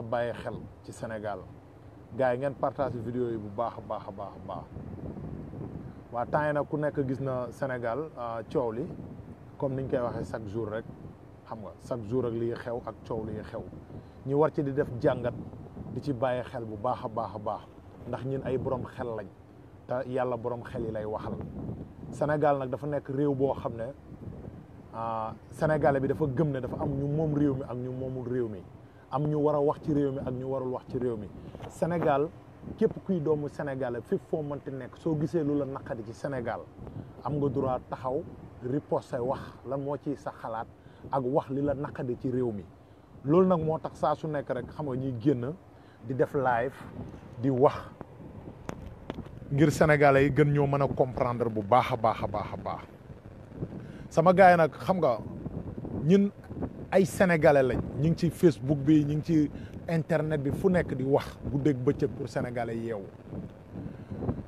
a bàyyi xel ci Sénégal gars yi ngeen partage vidéo yi bu baax baax a baax a baax waa temps yi nag ku nekk gis na Sénégal ah, coow li comme niñ koy waxee chaque jour rek xam nga chaque jour ak liy xew ak coow liy xew ñu war ci di def jàngat di ci bàyyi xel bu baax a baax a baax ndax ñun ay borom xel lañ te yàlla borom xel yi lay waxal Sénégal nag dafa nekk réew boo xam ne ah, Sénégalais bi dafa gëm ne dafa am ñu moom réew mi ak ñu moomul réew mi am ñu war a wax ci réew mi ak ñu warul wax ci réew mi Sénégal képp kuy doomu Sénégal ak fépp foo mënti nekk soo gisee lu la naqari ci Sénégal am nga droit taxaw riposte wax lan moo ci sa xalaat ak wax li la naqadi ci réew mi loolu nag moo tax saa su nekk rek xam nga ñuy génn di def live di wax ngir sénégalais yi gën ñoo mën a comprendre bu baax a baax a baax a baax sama gars yi nag xam nga ñun ay sénégalais lañ ñu ngi ci facebook bi ñu ngi ci internet bi fu nekk di wax gu guddeeg bëccëg pour sénégalais yeewu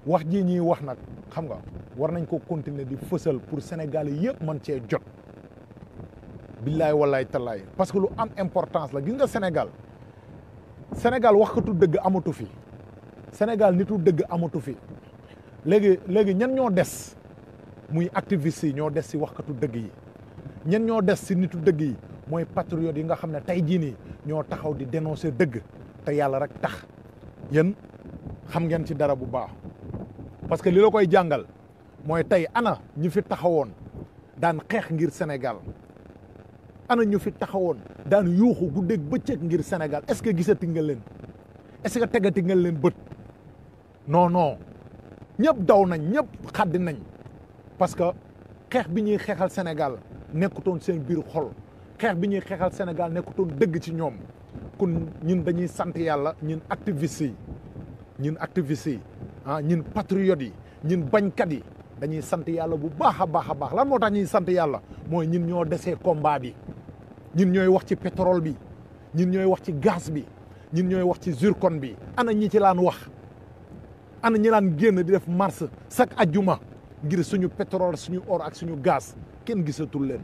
wax jii ñuy wax nag xam nga war nañ ko continuer di fësal pour sénégalais yëpp mën cee jot billaay wallaay tallaay parce que lu am importance la gis nga sénégal sénégal katu dëgg amatu fi sénégal nitu dëgg amatu fi léegi léegi ñan ñoo des muy activistes yi ñoo des si waxkatu dëgg yi ñan ñoo des si nitu dëgg yi mooy patriotes yi nga xam ne tey jii nii ñoo taxaw di dénoncer dëgg te yàlla rek tax yéen xam ngeen ci dara bu baax parce que li la koy jàngal mooy tey ana ñu fi taxawoon daan xeex ngir senegal ana ñu fi taxawoon daan yuuxu guddeeg bëccëg ngir senegal est-ce que gisati nga leen est-ce que tegati nga leen bët noonoo non ñëpp daw nañ ñëpp xaddi nañ parce que xeex bi ñuy xeexal senegal nekkutoon seen biir xol xeex bi ñuy xeexal Sénégal nekkutoon dëgg ci ñoom kon ñun dañuy sant yàlla ñun activistes yi ñun activistes yi ah ñun patriotes yi ñun bañkat yi dañuy sant yàlla bu baax a baax a baax lan moo tax ñuy sant yàlla mooy ñun ñoo desee combat bi ñun ñooy wax ci pétrole bi ñun ñooy wax ci gaz bi ñun ñooy wax ci jur zircon bi ana ñi ci laan wax ana ñi laan génn di def marche chaque ajjuma ngir suñu pétrole suñu or ak suñu gaz kenn gisatul leen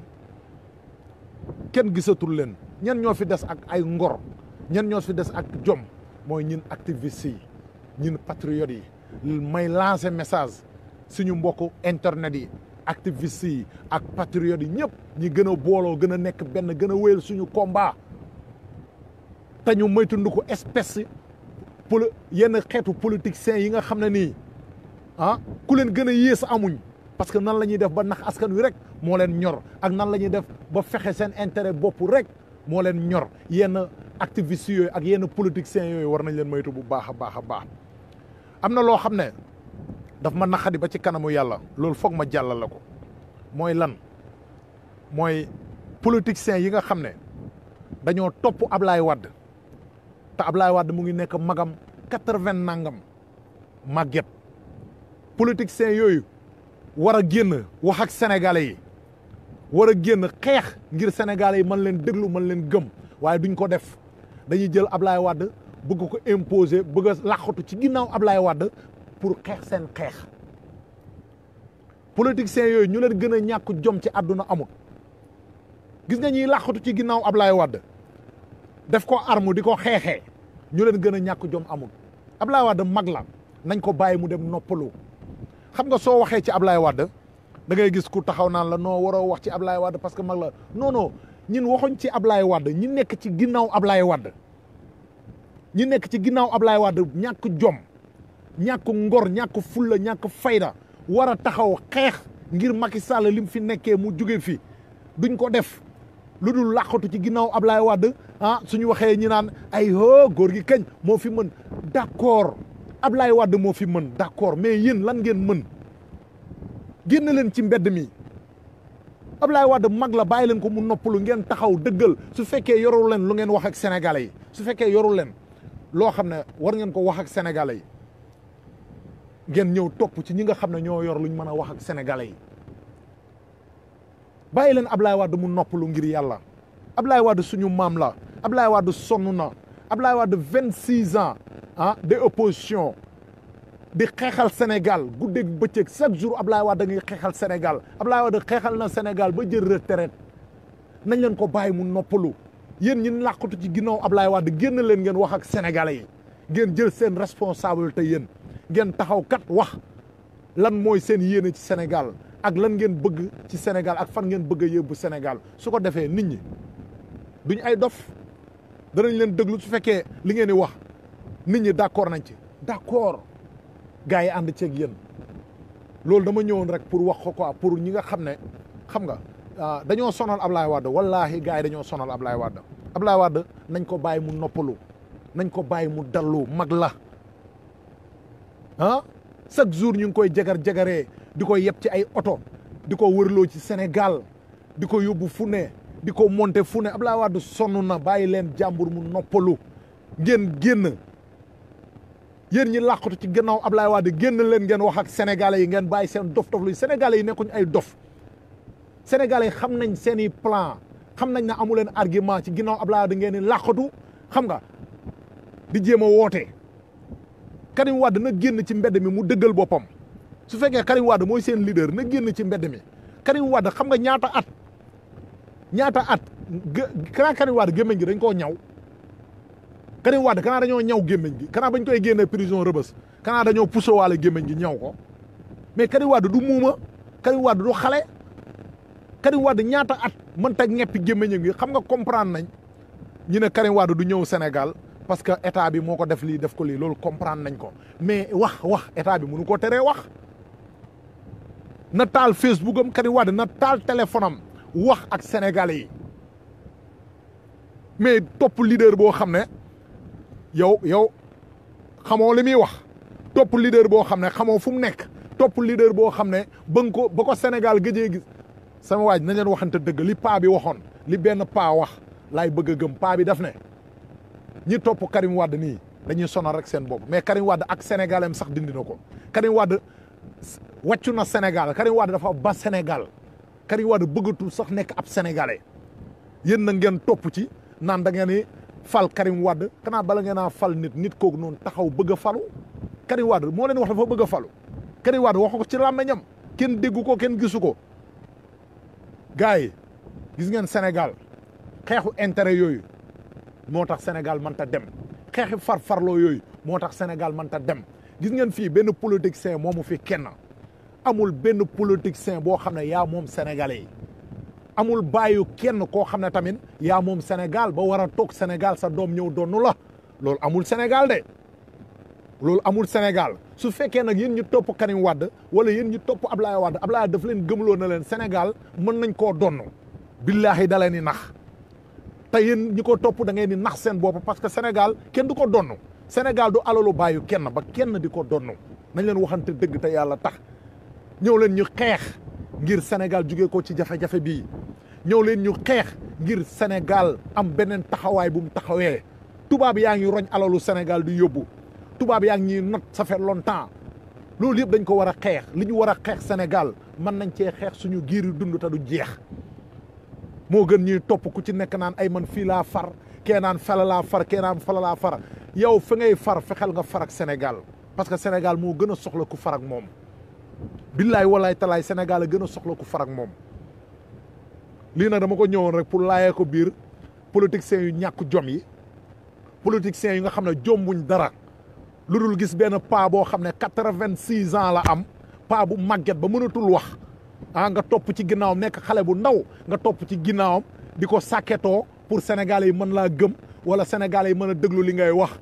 kenn gisatul leen ñen ñoo fi des ak ay ngor ñen ñoo fi des ak jom mooy ñin activistes yi ñin patriotes yi may lancer message suñu mbokku internet yi activistes yi ak patriotes yi ñëpp ñi gën a booloo gën a nekk benn gën a wéyal suñu combat te ñu moytandiku espèce poli yenn xeetu politiciens yi nga xam ne nii ah ku leen gën a yées amuñ parce que nan la ñuy def ba nax askan wi rek moo leen ñor ak nan la ñuy def ba fexe seen intérêt bopp rek moo leen ñor yenn activistes yooyu ak yenn politiciens yooyu war nañ leen moytu bu baax a baax a baax am na loo xam ne daf ma naqadi ba ci kanamu yàlla loolu foog ma jàllal ko mooy lan mooy politiciens yi nga xam ne dañoo topp Ablaye Wade te Ablaye Wade mu ngi nekk magam quatre-vingt nangam màgget politiciens yooyu war a génn wax ak sénégalais yi war a génn xeex ngir sénégalais yi mën leen déglu man leen gëm waaye duñ ko def dañuy jël Ablaye Wade bëgg ko imposer bëgg a làqatu ci ginnaaw Ablaye Wade pour xeex seen xeex seen yooyu ñu leen gën a ñàkk jom ci àdduna amul gis nga ñuy làqatu ci ginnaaw laay Wade def ko armu di ko xeexee ñu leen gën a ñàkk jom amul Ablaye Wade mag la nañ ko bàyyi mu dem noppalu xam nga soo waxee ci Ablaye Wade da ngay gis ku taxaw naan la non waroo wax ci Ablaye Wade parce que mag la non non ñin waxuñ ci Ablaye wadd ñi nekk ci ginnaaw Ablaye Wade ñi nekk ci ginnaaw Ablaye Wade ñàkk jom ñàkk ngor ñàkk fulla ñàkk fayda war a taxaw xeex ngir Macky Sall lim fi nekkee mu jóge fi duñ ko def lu dul làqatu ci ginnaaw Ablaye Wade ah suñu waxee ñi naan ay hoo góor gi kañ moo fi mën d'accord Ablaye Wade moo fi mën d'accord mais yéen lan ngeen mën génn leen ci mbedd mi Ablaye Wade mag la bàyyi leen ko mu noppalu ngeen taxaw dëggal su fekkee yorul leen lu ngeen waxak ak su fekkee yorul leen loo xam ne war ngeen ko wax ak sénégalais ngeen ñëw topp ci ñi nga xam ne ñoo yor lu luñ mën a wax ak sénégalais yi bàyyi leen Ablaye Wade mu noppalu ngir yàlla ab Ablaye Wade suñu maam la Ablaye Wade sonn na. ab Ablaye Wade vingt six ans ah des oppositions di xeexal Sénégal guddeeg bëccëg chaque jour Ablaye Wade da ngay xeexal Sénégal Ablaye Wade xeexal na Sénégal ba jël retraite nañ leen ko bàyyi mu noppalu yéen ñin làqatu ci ginnaaw Ablaye Wade génn leen ngeen wax ak sénégalais yi ngeen jël seen te yéen ngeen taxaw kat wax lan mooy seen yéene ci Sénégal ak lan ngeen bëgg ci Sénégal ak fan ngeen bëgg a yóbbu Sénégal su ko defee nit ñi duñ ay dof danañ leen déglu su fekkee li ngeen di wax nit ñi d'accord nañ ci d'accord gars yi ànd ceeg yéen loolu dama ñëwoon rek pour wax ko quoi pour ñi nga xam ne xam nga ah, dañoo sonal Ablaye Wade wallaahi gars yi dañoo sonal Ablaye Wade Ablaye Wade nañ ko bàyyi mu noppalu nañ ko bàyyi mu dallu mag la ah chaque jour ñu ngi koy jagar-jagaree di ko yeb ci ay oto di ko wërloo ci senegal di ko yóbbu fu ne di ko monte fu ne ab Abdoulaye Wade sonn na bàyyi leen jàmbur mu noppalu ngeen génn yéen ñi làqatu ci gannaaw Abdoulaye Wade génn leen ngeen wax ak sénégalais yi ngeen bàyyi seen dof dof lu sénégalais yi nekkuñ ay dof sénégalais yi xam nañ seen i plan xam nañ ne amu leen argument ci ginnaaw Abdoulaye Wade ngeen di làqatu xam nga di jéem a woote Karim Wade na génn ci mbedd mi mu dëggal boppam su fekkee Karim Wade mooy seen leader na génn ci mbedd mi Karim Wade xam nga ñaata at ñaata at kanaa Karim Wade gémmiñ gi dañ koo ñaw Karim Wade kanaa dañoo ñaw gémmiñ gi kanaa bañ koy génnee prison rëbës kanaa dañoo pusowaale gémmiñ gi ñaw ko mais Karim Wade du muuma Karim Wade du xale Karim Wade ñaata at man ta ñeppi gémmiñ gi xam nga comprendre nañ ñu ne Karim Wade du ñëw Sénégal parce que état bi moo ko def lii def ko lii loolu comprendre nañ ko mais wax wax état bi mënu ko teree wax na taal Facebook am Karim Wade na taal téléphone am wax ak sénégalais yi mais topp leader boo xam ne yow yow xamoo li muy wax topp leader boo xam ne xamoo fu mu nekk topp leader boo xam ne ba nga ko ba ko Sénégal gëjee gis sama waaj nañ waxante dëgg li paa bi waxoon li benn paa wax laay bëgg a gëm paa bi daf ne ñi topp Karim Wade nii dañuy sonal rek seen bopp mais Karim Wade ak sénégalais sax dindi ko Karim Wade wàccu na senegal Karim Wade dafa ba Sénégal. Karim Wade bëggatul sax nekk ab sénégalais yéen na ngeen topp ci naan da ngeen ni fal Karim Wade bala ngeen a fal nit nit kooku noonu taxaw bëgg a falu Karim moo leen wax dafa bëgg a falu Karim waxu ko ci làmmeñam kenn déggu ko kenn gisu ko gars yi gis ngeen Sénégal xeexu intérêt yooyu moo tax Sénégal manta dem xeexi far farloo yooyu moo tax Sénégal mënta dem gis ngeen fii benn politicien moomu fi kenn amul benn politicien boo xam ne yaa moom sénégalais amul bàyyu kenn koo xam ne tamit yaa moom Sénégal ba war a toog Sénégal sa doom ñëw donnu la loolu amul Sénégal de loolu amul Sénégal su fekkee nag yéen ñu topp Karim wàdd wala yéen ñu topp Ablaye Wade Ablaye daf leen gëmloo na leen Sénégal mën nañ koo donn billaahi da leen di nax te yéen ñi ko topp da ngeen di nax seen bopp parce que Sénégal kenn du ko donn Sénégal du alalu bàyyu kenn ba kenn di ko donn nañ leen waxante dëgg te yàlla tax ñëw leen ñu xeex ngir Sénégal jugee ko ci jafejafe bii ñëw leen ñu xeex ngir Sénégal am beneen taxawaay bu mu taxawee tubaab yaa ngi roñ alalu senegal di yóbbu tubaab yaa ngi ñuy not ça fait longtemps loolu yëpp dañ ko war a xeex li ñu war a xeex senegal mën nañ cee xeex suñu giir yu dund du jeex moo gën ñuy topp ku ci nekk naan ay man fii laa far kee naan fala laa far kee naan laa far yow fi ngay far fexeel nga far ak Sénégal parce que Sénégal moo gën a soxla ku far ak moom. billaay walaay talaay Sénégal gën a soxla ku farak moom lii nag dama ko ñëwoon rek pour laayee ko biir politiciens yu ñàkk jom yi politiciens yi nga xam ne jombuñ dara lu dul gis benn paa boo xam ne quatre-vingt-six ans la am paa bu màgget ba mënatul wax ah nga topp ci ginnaawam nekk xale bu ndaw nga topp ci ginnaawam di ko sàkketoo pour sénégalais yi mën laa gëm wala sénégalais yi mën a déglu li ngay wax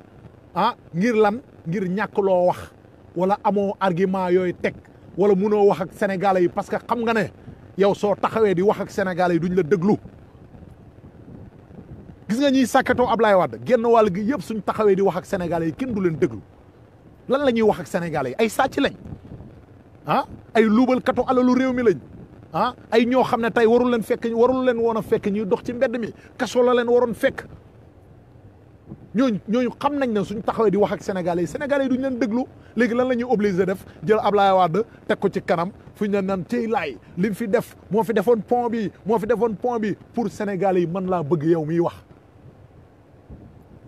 ah ngir lan ngir ñàkk loo wax wala amoo argument yooyu teg wala munoo wax ak sénégalais yi parce que xam nga ne yow soo taxawee di wax ak sénégalais yi duñu la déglu gis nga ñuy ab laay Wade genn wàll gi yëpp suñ taxawee di wax ak sénégalais yi kenn du leen déglu lan la ñuy wax ak sénégalais yi ay sàcc lañ ah ay luubalkatu lu réew mi lañ ah ay ñoo xam ne tey warul leen fekk warul leen woon a fekk ñuy dox ci mbedd mi kaso la leen waroon fekk ñooñu ñooñu xam nañ ne suñ taxawee di wax ak sénégalais yi sénégalais yi duñ leen déglu léegi lan la ñuy obligé def jël Ablaye Wade teg ko ci kanam fu ñu leen naan cey laay li fi def moo fi defoon pont bi moo fi defoon pont bi pour sénégalais yi mën laa bëgg yow miy wax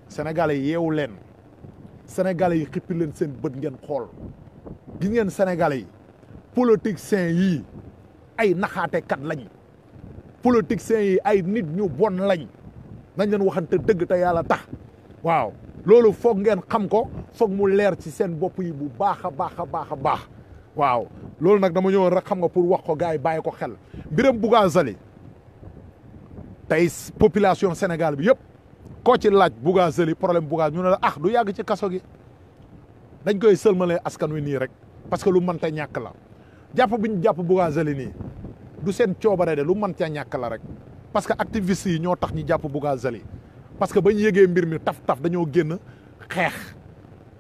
sénégalais yi yeewu leen sénégalais yi xippi leen seen bët ngeen xool gis ngeen sénégalais yi politiciens yii ay naxaate kat lañ politiciens yi ay nit ñu bon lañ nañ leen waxante dëgg te yàlla tax waaw loolu foog ngeen xam ko foog mu leer ci seen bopp yi bu baax a baax a baax a baax waaw loolu nag dama ñëwoon rek xam nga pour wax ko gars yi bàyyi ko xel Birame Bouga Zali tey population Sénégal bi yëpp koo ci laaj Bouga Zali problème Bouga ñu ne la ah du yàgg ci kaso gi dañ koy sëlmalee askan wi nii rek parce que lu mënta ñàkk la jàpp bi ñu jàpp Bouga Zali nii du seen coobare de lu mënta ñàkk la rek parce que activistes yi ñoo tax ñu jàpp Bouga Zali parce que ba ñu yëgee mbir mi taf-taf dañoo génn xeex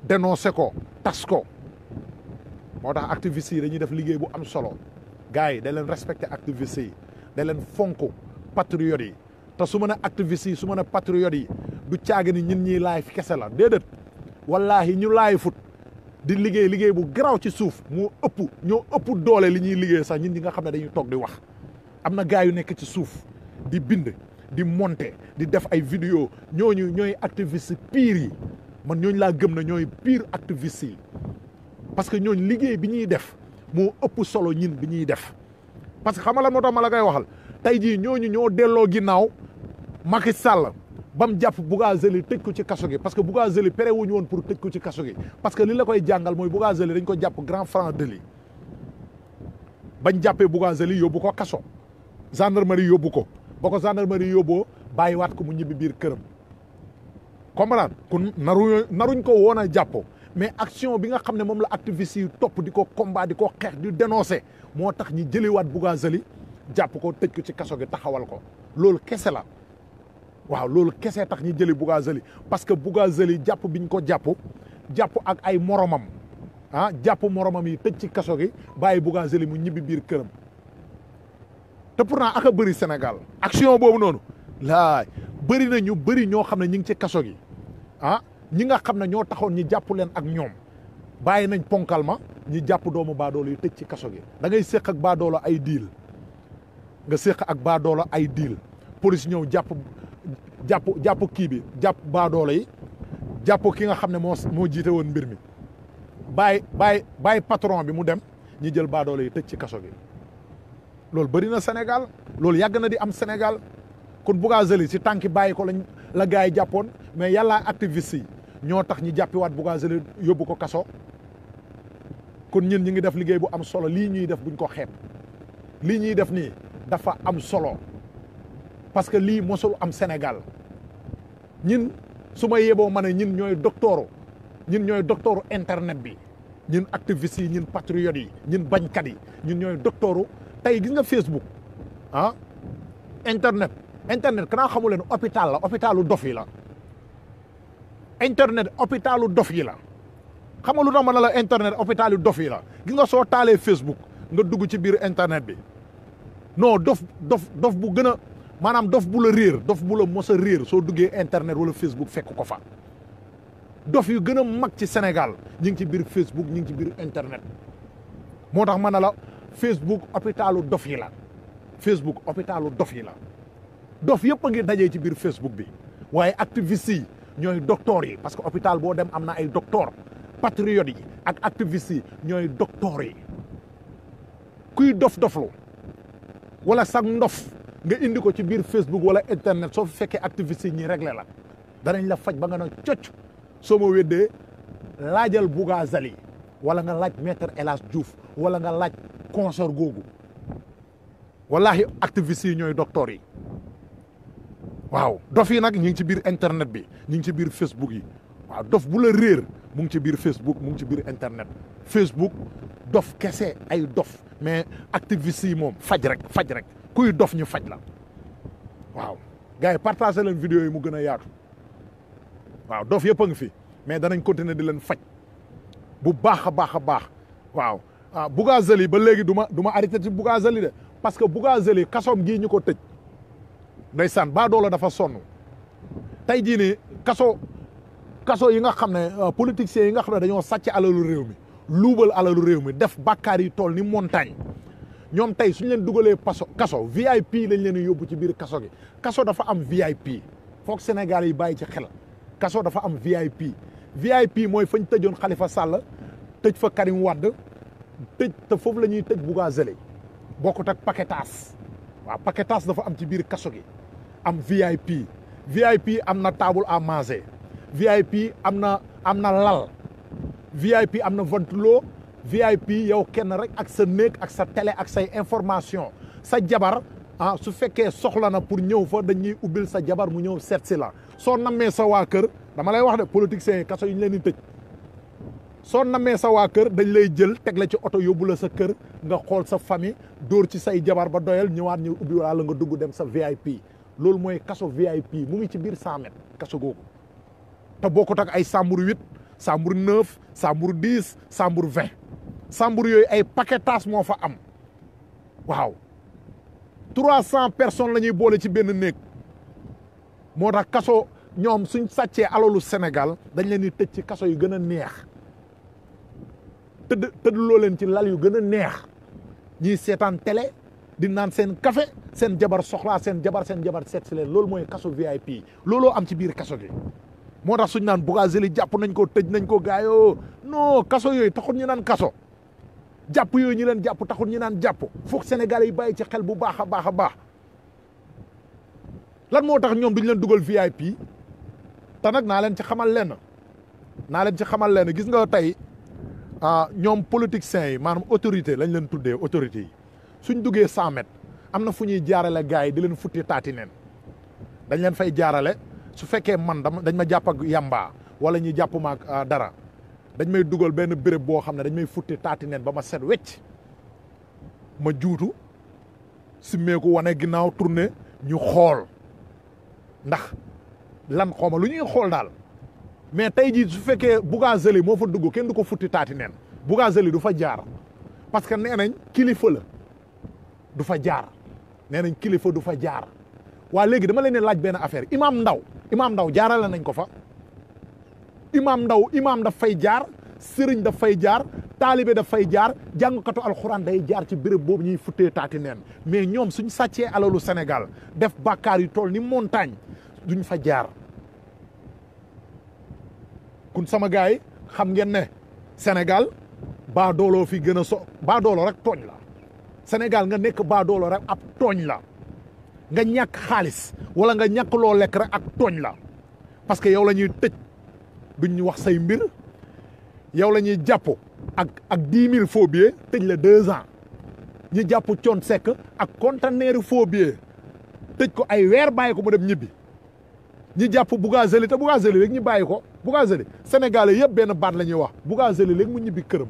dénoncé ko tas ko moo tax activistes yi dañuy def liggéey bu am solo gars yi da leen respecté activistes yi da leen fonk patriotes yi te su ma ne activistes yi su ma ne patriotes yi du caagi ni ñun ñiy laay fi kese la déedéet wallaahi ñu laay fut di liggéey liggéey bu garaw ci suuf moo ëpp ñoo ëpp doole li ñuy liggéey sax ñun ñi nga xam ne dañuy toog di wax am na gars yu nekk ci suuf di bind di monter di def ay vidéo ñooñu ñooy activiste pire yi man ñooñu laa gëm na ñooy pire activiste yi parce que ñooñu liggéey bi ñuy def mu ëpp solo ñin bi ñuy def parce que xam nga lan moo ma la koy waxal tey jii ñooñu ñoo delloo ginnaaw Macky Sall ba mu jàpp Bougazeli tëj ko ci kaso gi parce que Bougazeli pere wuñu woon pour tëj ko ci kaso parce que li la koy jàngal mooy Bougazeli dañ ko jàpp grand franc délit bañ jàppee Bougazeli yóbbu ko kaso gendarmerie yóbbu ko ba ko gendarmerie yóbboo bàyyiwaat ko mu ñibbi biir këram comprendre kon naru naruñ ko woon a jàpp mais action bi nga xam ne moom la activiste topp di ko combat di ko xeex di dénoncer moo tax ñi jëliwaat Bougazelli jàpp ko tëj ko ci kaso gi taxawal ko loolu kese la waaw loolu kese tax ñi jëli Bougazelli parce que Bougazelli jàpp biñ ko jàpp jàpp ak ay moromam ah jàpp moromam yi tëj ci kaso gi bàyyi Bougazelli mu ñibbi biir këram te pourtant ak a bëri Sénégal action boobu noonu laay bëri na ñu bëri ñoo xam ne ñu ngi ci kaso gi ah ñi nga xam ne ñoo taxoon ñi jàpp leen ak ñoom bàyyi nañ ponkal ma ñi jàpp doomu baadoolo yu tëj ci kaso gi. da ngay séq ak baadoolo ay diil nga séq ak baadoolo ay diil police ñëw jàpp jàpp jàpp kii bi jàpp baadoolo yi jàpp ki nga xam ne moo moo jiite woon mbir mi bàyyi bàyyi bàyyi patron bi mu dem ñi jël baadoolo yi tëj ci kaso gi. loolu bëri na Sénégal loolu yàgg na di am Sénégal kon Bougazelli si tànki bàyyi ko lañ la gars yi jàppoon mais yàllaa activiste yi ñoo tax ñi jàppiwaat Bougazelli yóbbu ko kaso kon ñun ñi ngi def liggéey bu am solo lii ñuy def buñ ko xeeb lii ñuy def nii dafa am solo parce que lii mosul am Sénégal ñun su ma yeboo ma ne ñun ñooy docteur ñun ñooy docteur internet bi ñun activistes yi ñun patriotes yi ñun bañkat yi ñun ñooy docteur tey gis nga Facebook ah internet internet kanaa xamu leen hôpital la hôpitalu dof yi la internet hôpitalu dof yi la xam nga lu tax ma ne la internet hôpitalu dof yi la gis nga soo taalee Facebook nga dugg ci biir internet bi noo dof dof dof bu gën a maanaam dof bu la réer dof bu la mos a réer soo duggee internet wala Facebook fekk ko fa dof yu gën a mag ci Sénégal ñu ngi ci biir Facebook ñu ngi ci biir internet moo tax ma ne la Facebook hôpitalu dof yi la Facebook hôpitalu dof yi la dof yëpp a ngi dajee ci biir Facebook bi waaye activiste yi ñooy doctor yi parce que hôpital boo dem am na ay docteur patriotes yi ak activiste yi ñooy docteur yi kuy dof-doflu wala sax ndof nga indi ko ci biir Facebook wala internet soo fekkee activiste ñii ñi réglé la danañ la faj ba nga ne cocc soo ma weddee laajal Bouga Zali wala nga laaj maître El Hadj Diouf wala nga laaj concert googu wallahi activistes yi ñooy docteurs yi waaw dof yi nag ñu ngi ci biir internet bi ñu ngi ci biir Facebook yi waaw dof bu la réer mu ngi ci biir Facebook mu ngi ci biir internet Facebook dof kese ay dof mais activistes yi moom faj rek faj rek kuy dof ñu faj la waaw gars yi partagé leen vidéo yi mu gën a yaatu waaw dof yëpp a ngi fi mais danañ continuer di leen faj bu baax a baax a baax waaw ah Bougazelli ba léegi du ma du ma arrêté ci de parce que Bougazelli kasoom gii ñu ko tëj ndeysaan baa doola dafa sonn tey jii nii kaso kaso yi nga xam ne euh, politiciens yi nga xam ne dañoo sàcc alalu réew mi luubal alalu réew mi def bàkkaar yi tool ni montagne ñoom tey suñu leen dugalee paso kaso VIP lañ leen yóbbu ci biir kaso gi kaso dafa am VIP foog Sénégal yi bàyyi ci xel kaso dafa am VIP VIP mooy fañ tëjoon Khalifa Sall tëj fa Karim Wade tëj te foofu la ñuy tëj Bougazelli bokkut ak paquetage waaw paquetage dafa am ci biir kaso gi am VIP VIP am na table à manger VIP am na am na lal VIP am na vant ventilo VIP yow kenn rek ak sa néeg ak sa tele ak say information sa jabar ah su fekkee soxla na pour ñëw fa dañuy ubbil sa jabar mu ñëw seet si la soo nammee sa waa kër dama lay wax de politiciens yi kaso yi ñu leen di tëj soo namee sa waa kër dañ lay jël teg ci oto yóbbula sa kër nga xool sa famille dóor ci say jabar ba doyal ñëwaat ñu ubbi wala nga dugg dem sa VIP loolu mooy kaso VIP mu ngi ci biir 100 mètres kaso googu te bokkut ak ay Sambour 8 Sambour 9 Sambour 10 Sambour 20 Sambour yooyu ay paquetage moo fa am waaw 300 personnes la ñuy boole ci benn néeg moo tax kaso ñoom suñ sàccee alalu Sénégal dañ leen di tëj ci kaso yu gën a neex. tëdd tëdd loo leen ci lal yu gën a neex ñiy seetaan télé di naan seen café seen jabar soxlaa seen jabar seen jabar seet si leen loolu mooy kaso VIP looloo am ci biir kaso gi moo tax suñ naan Bougazelli jàpp nañ ko tëj nañ ko gaayoo non kaso yooyu taxul ñu naan kaso jàpp yooyu ñu leen jàpp taxul ñu naan jàpp foog Sénégalais yi bàyyi ci xel bu baax a baax a baax lan moo tax ñoom duñ leen dugal VIP te nag naa leen ci xamal leen lenn naa leen ci xamal lenn gis nga tey ñoom politiciens yi maanaam autorité lañ leen tuddee autorité yi suñ duggee cent am na fu ñuy jaarale gars yi di leen futti taati neen dañ leen fay jaarale su fekkee man dama dañ ma jàpp ak yàmbaa wala ñuy jàpp ma euh, dara dañ may dugal benn béréb boo xam ne dañ may futti taati neen ba ma set wecc ma juutu simmeeku wane ginnaaw tourné ñu xool ndax lan xooma lu ñuy xool daal mais tey jii su fekkee Bougazelli moo fa dugg kenn du ko futti taati neen Bougazelli du fa jaar parce que nee nañ kilifa la du fa jaar nee nañ kilifa du fa jaar waa léegi dama leen ne laaj benn affaire imaam Ndaw imaam Ndaw jaarale nañ ko fa imaam Ndaw imaam daf fay jaar sëriñ daf fay jaar taalibe daf fay jaar jàngkatu alxuraan day jaar ci béréb boobu ñuy futtee taati neen mais ñoom suñ sàccee alalu Sénégal def bàkkaar yu toll ni montagne duñ fa jaar kun sama gars yi xam ngeen ne Sénégal baa dooloo fi gën a so baa doolo rek tooñ la Sénégal nga nekk baa doolo rek ab tooñ la nga ñàkk xaalis wala nga ñàkk loo lekk rek ak tooñ la parce que yow la ñuy tëj duñ wax say mbir yow la ñuy jàpp ak ak dix mille faux billets tëj la deux ans ñu jàpp coon sekk ak conteneur faux billets tëj ko ay weer bàyyi ko mu dem ñibbi ñu jàpp Bougazelli te Bougazelli rek ñu bàyyi ko. Bougazeli sénégalais yëpp benn baat la ñuy wax Bougazeli léegi mu ñibbi këram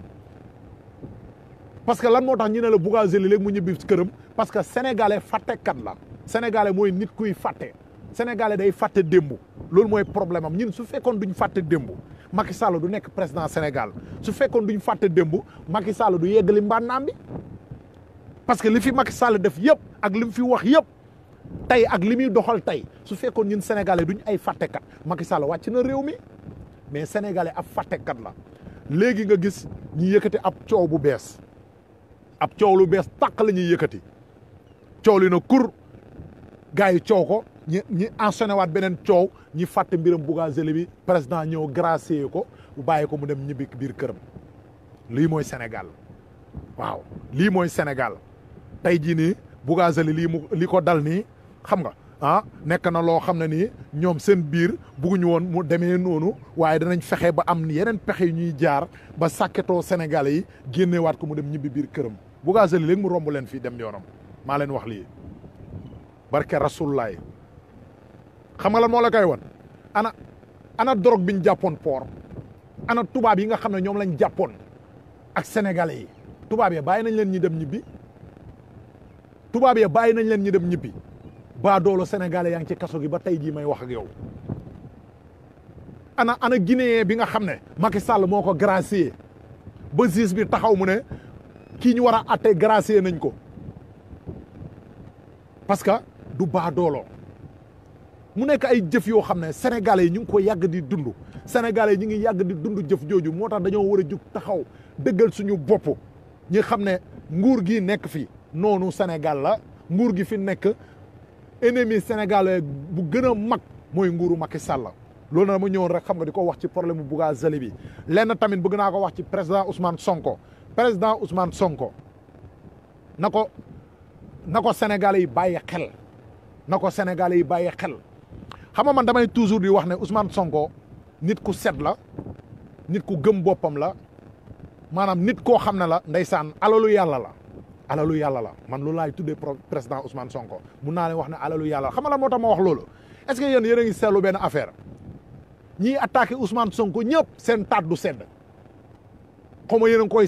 parce que lan moo tax ñu ne la Bougazeli léegi mu ñibbi këram parce que sénégalais fàttekat la sénégalais mooy nit kuy fàtte sénégalais day fàtte démb loolu mooy problème am ñun su fekkoon duñ fàtte démb Macky Sall du nekk président Sénégal su fekkoon duñ fàtte démb Macky Sall du yeggali mbànnaam bi parce que li fi Macky Sall def yëpp ak li mu fi wax yëpp tey ak li muy doxal tey su fekkoon ñun sénégalais duñ ay fàttekat Macky Sall wàcc na réew mi mais sénégalais ab fàttekat la léegi nga gis ñu yëkkati ab coow bu bees ab coow lu bees tàq la ñuy yëkkati coow li na kur gars yi coow ko ñi ñi enchaîné waat beneen coow ñi fàtte mbiram Bougazelli bi président ñëw gracier ko bu bàyyi ko mu dem ñibbi biir këram lii mooy Sénégal waaw lii mooy Sénégal tey jii nii Bougazelli lii mu lii ko dal nii xam nga Ah, nekk na loo xam ne nii ñoom seen biir bugguñu woon mu demee noonu waaye danañ fexe ba am yeneen pexe yu ñuy jaar ba sàkketoo Sénégalais yi génneewaat ko mu dem ñibbi biir këram Bougazelli léegi mu romb leen fii dem yoonam maa leen wax lii barke rasulullaay xam nga lan moo la koy wan ana ana drogue bi ñu jàppoon port ana tubaab yi nga xam ne ñoom lañ jàppoon ak sénégalais yi tubaab ya bàyyi nañ leen ñi dem ñibbi tubaab ya bàyyi nañ leen ñi dem ñibbi baa baadoolo sénégalais yaa ngi ci kaso gi ba tey jii may wax ak yow ana ana guinéen bi nga xam ne Macky Sall moo ko gracier ba juge bi taxaw mu ne kii ñu war a atte gracier nañ ko parce que du baadoolo mu nekk ay jëf yoo xam ne sénégalais yi ñu ngi ko yàgg di dund sénégalais yi ñu ngi yàgg di dund jëf jooju moo tax dañoo war a jug taxaw dëggal suñu bopp ñi xam ne nguur gi nekk fi noonu senegal la nguur gi fi nekk ennemi sénégalais bu gën a mag mooy nguuru Macky Sall loolu na ma ñëwoon rek xam nga di ko wax ci problème bu Bouga Zali bi lenn tamit bëgg naa ko wax ci président Ousmane Sonko président Ousmane Sonko na ko na ko sénégalais yi bàyyi xel na ko sénégalais yi bàyyi xel xam nga man damay toujours di wax ne Ousmane Sonko nit ku set la nit ku gëm boppam la maanaam nit koo xam ne la ndeysaan alalu yàlla la alalu yàlla la man lu laay tuddee président Ousmane Sonko mu naa leen wax ne alalu yàlla la xam nga moo tax ma wax loolu est-ce que yéen yéen a ngi seetlu benn affaire attaqué Ousmane Sonko ñëpp seen taat du sedd xaw ma yéen a ngi koy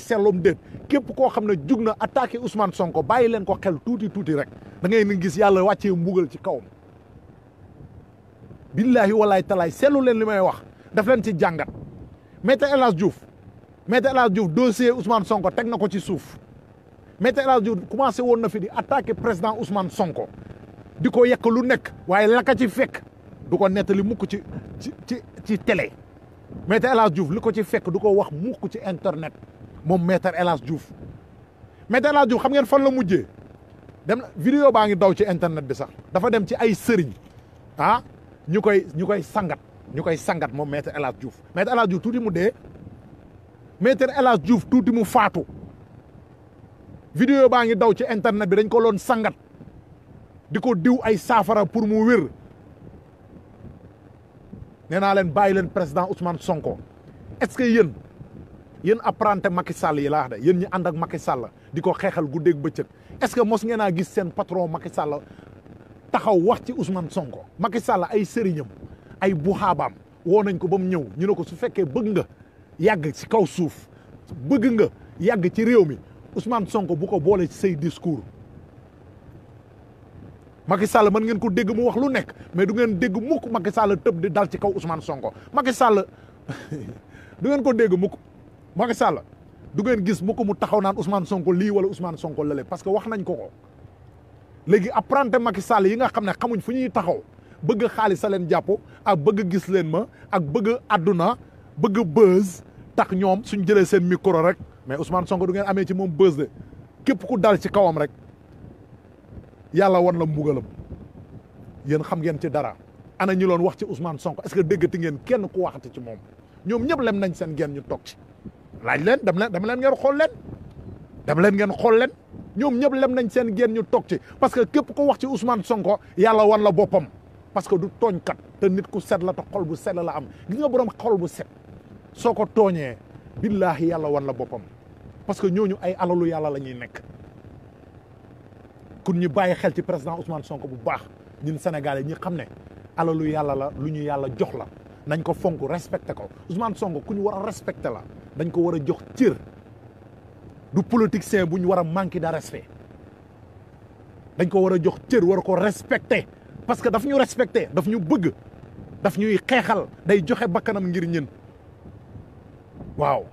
képp koo xam ne jug na attaqué Ousmane Sonko bàyyi leen ko xel tuuti tuuti rek da ngay ni gis yàlla wàccee mbugal ci kawam. billahi wallaay talaay seetlu leen li may wax daf leen ci jàngat Maître El juuf Diouf Maître El Hadj Diouf dossier Ousmane Sonko teg na ko ci suuf. Maître El Hadji Diouf commencé woon na fi di attaqué président Ousmane Sonko di ko yekk lu nekk waaye la ka ci fekk du ko nettali mukk ci ci ci ci télé Maître El Hadji Diouf li ko ci fekk du ko wax mukk ci internet moom Maître El Hadji Diouf Maître El Hadji Diouf xam ngeen fan la mujjee dem na baa ngi daw ci internet bi sax dafa dem ci ay sëriñ ah ñu koy ñu koy sangat ñu koy sangat moom Maître El Hadji Diouf Maître El Hadji Diouf tuuti mu dee Maître El Hadji tuuti mu faatu vidéo baa ngi daw ci internet bi dañ ko loon sangat di ko diw ay saafara pour mu wér nee naa leen bàyyi leen président Ousmane Sonko est-ce que yéen yéen apprenti Macky Sall yi laa de yéen ñi ànd ak Macky Sall di ko xeexal guddeeg bëccëg est-ce que mos ngeen a gis seen patron Macky Sall taxaw wax ci Ousmane Sonko Macky Sall ay sëriñam ay buxaabaam woo nañ ko ba mu ñëw ñu ne ko su fekkee bëgg nga yàgg ci kaw suuf bëgg nga yàgg ci réew mi Ousmane Sonko bu ko boole ci say discours Macky Sall mën ngeen ko dégg mu wax lu nekk mais du ngeen dégg mukk Macky Sall tëb di dal ci kaw Ousmane Sonko Macky Sall du ngeen ko dégg mukk Macky Sall du ngeen gis mukk mu taxaw naan usmaan Sonko lii wala Ousmane Sonko lële parce que wax nañ ko ko léegi apprenti Macky Sall yi nga xam ne xamuñ fu ñuy taxaw bëgg xaalis a leen jàpp ak bëgg gis leen ma ak bëgg àdduna bëgg buzz tax ñoom suñ jëlee seen micro rek mais Ousmane Sonko du ngeen amee ci moom bës de képp ku dal ci kawam rek yàlla wan la mbugalam yéen xam ngeen ci dara ana ñu loon wax ci Ousmane Sonko est que déggati ngeen kenn ku waxati ci moom ñoom ñëpp lem nañ seen geen ñu toog ci laaj leen dem leen dem leen ngeen xool leen dem leen ngeen xool leen ñoom ñëpp lem nañ seen geen ñu toog ci parce que képp ku wax ci Ousmane Sonko yàlla wan la boppam parce que du tooñkat te nit ku set la te xol bu set la am gi nga boroom xol bu set soo ko tooñee billaahi yàlla wan la boppam parce que ñooñu ay alalu yàlla la ñuy nekk kun ñu bàyyi xel ci président Ousmane Sonko bu baax ñun Sénégalais ñi xam ne alalu yàlla la lu ñu yàlla jox la nañ ko fonk respecté ko Ousmane Sonko ku ñu war a respecté la dañ ko war a jox cër du politicien bu ñu war a manqué da respect dañ ko war a jox cër war a ko respecté parce que daf ñu respecté daf ñu bëgg daf ñuy xeexal day joxe bakkanam ngir ñun waaw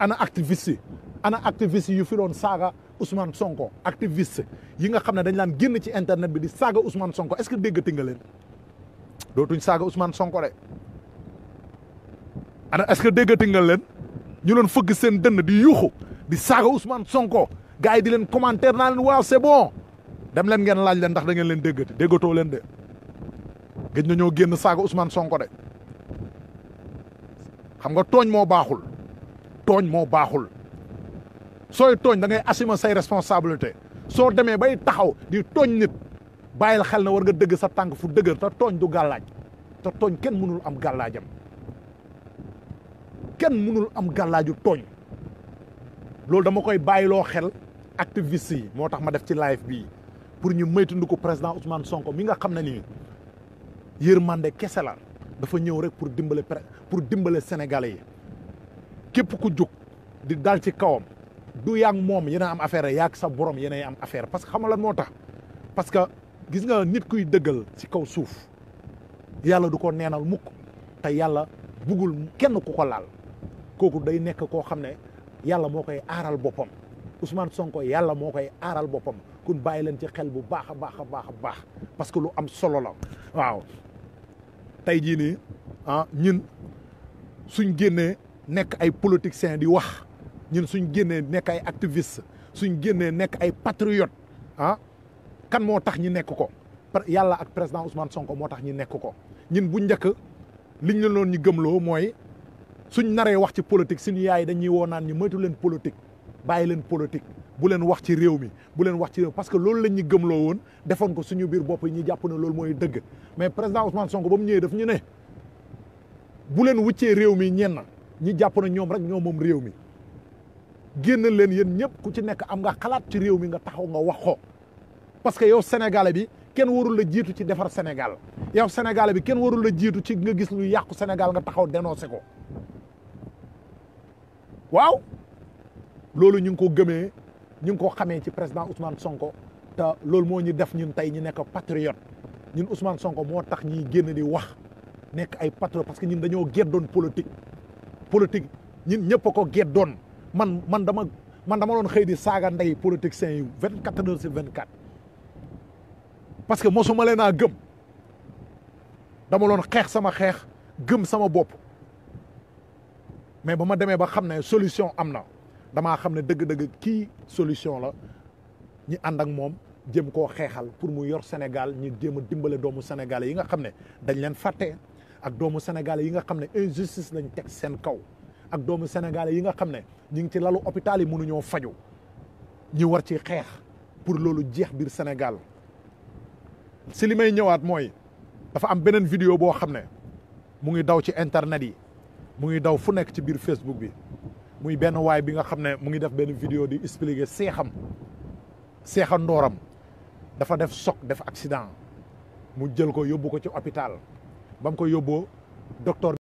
ana activiste yi ana activiste yu fi doon saaga Ousmane Sonko activiste yi nga xam ne dañ laan génn ci internet bi di saaga Ousmane Sonko est-ce que déggati nga leen dootuñ saaga Ousmane Sonko de ana est-ce que déggati nga leen ñu doon fëgg seen dënn di yuuxu di saaga Ousmane Sonko gars yi di leen commentaire naa leen waaw sebon dem leen ngeen laaj leen ndax da ngeen leen déggati déggatoo leen de gëj na ñoo génn saaga Ousmane Sonko de xam nga tooñ moo baaxul. tooñ moo baaxul sooy tooñ da ngay assumer say responsabilité soo demee bay taxaw di tooñ nit bàyyil xel na war nga dëgg sa tànk fu dëgër te tooñ du gàllaaj te tooñ kenn mënul am gàllaajam kenn mënul am gàllaaju tooñ loolu dama koy bàyyiloo xel activiste yi moo tax ma def ci live bii pour ñu moytandiku président Ousmane Sonko mi nga xam ne nii yërmande kese la dafa ñëw rek pour dimbale pour dimbale sénégalais yi képp ku jóg di dal ci kawam du yaag moom yéen a am affaire yaag sa borom yéen a am affaire parce que xam moo tax parce que gis nga nit kuy dëggal ci kaw suuf yàlla du ko neenal mukk te yàlla buggul kenn ku ko laal kooku day nekk koo xam ne yàlla moo koy aaral boppam Ousmane Sonko yàlla moo koy aaral boppam kun bàyyi leen ci xel bu baax a baax a baax a baax parce que lu am solo la waaw tey jii nii ah ñun suñ génnee nekk ay politiciens di wax ñun suñ génnee nekk ay activistes suñ génnee nekk ay patriotes ah kan moo tax ñi nekk ko yàlla ak président Ousmane Sonko moo tax ñi nekk ko ñun bu njëkk liñ la loon ñu gëmloo mooy suñ naree wax ci politique suñu yaay dañuy woo naan ñu moytu leen politique bàyyi leen politique bu leen wax ci réew mi bu leen wax ci réew parce que loolu la ñu gëmloo woon defoon ko suñu biir bopp yi ñuy jàpp ne loolu mooy dëgg mais président Ousmane Sonko ba mu ñëwee daf ñu ne bu leen wuccee réew mi ñenn. ñi jàpp na ñoom rek ñoo moom réew mi génn leen yéen ñëpp ku ci nekk am nga xalaat ci réew mi nga taxaw nga wax ko parce que yow sénégalais bi kenn warul la jiitu ci defar Sénégal yow sénégalais bi kenn warul la jiitu ci nga gis lu yàqu Sénégal nga taxaw dénoncé ko waaw loolu ñu ngi ko gëmee ñu ngi ko xamee ci président Ousmane Sonko te loolu moo ñu def ñun tey ñu nekk patriote ñun Ousmane Sonko moo tax ñiy génn di wax nekk ay patriote parce que ñun dañoo geddoon politique politique ñun ñëpp a ko doon man man dama man dama doon xëy di saaga ndey politiciens yi vingt quatre heures sur vingt quatre parce que mosuma leen a gëm dama loon xeex sama xeex gëm sama bopp mais ba ma demee ba xam ne solution am na damaa xam ne dëgg-dëgg kii solution la ñi ànd ak moom jëm koo xeexal pour mu yor Sénégal ñi jéem a dimbale doomu Sénégal yi nga xam ne dañ leen fàtte ak doomu sénégalais yi nga xam ne injustice lañ teg seen kaw ak doomu sénégalais yi nga xam ne ñu ngi ci lalu hôpital yi mënuñoo faju ñu war ci xeex pour loolu jeex biir Sénégal si li may ñëwaat mooy dafa am beneen vidéo boo xam ne mu ngi daw ci internet yi mu ngi daw fu nekk ci biir Facebook bi muy benn waay bi nga xam ne mu ngi def benn vidéo di expliquer seexam seexa ndooram dafa def choc def accident mu jël ko yóbbu ko ci hôpital ba mu ko yóbboo docteur